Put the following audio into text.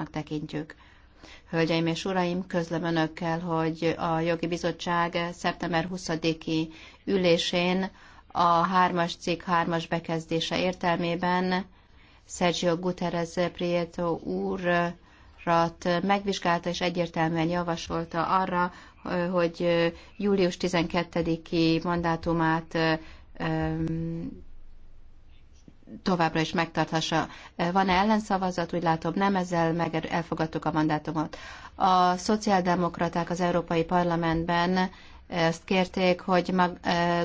folyamatnak tekintjük. Hölgyeim és uraim, közlöm önökkel, hogy a jogi bizottság szeptember 20-i ülésén a 3-as cikk 3-as bekezdése értelmében Sergio Guterres Prieto úr megvizsgálta és egyértelműen javasolta arra, hogy július 12-i mandátumát továbbra is megtarthassa. Van -e ellenszavazat? Úgy látom nem, ezzel meg elfogadtuk a mandátumot. A szociáldemokraták az Európai Parlamentben ezt eh, kérték, hogy mag, eh,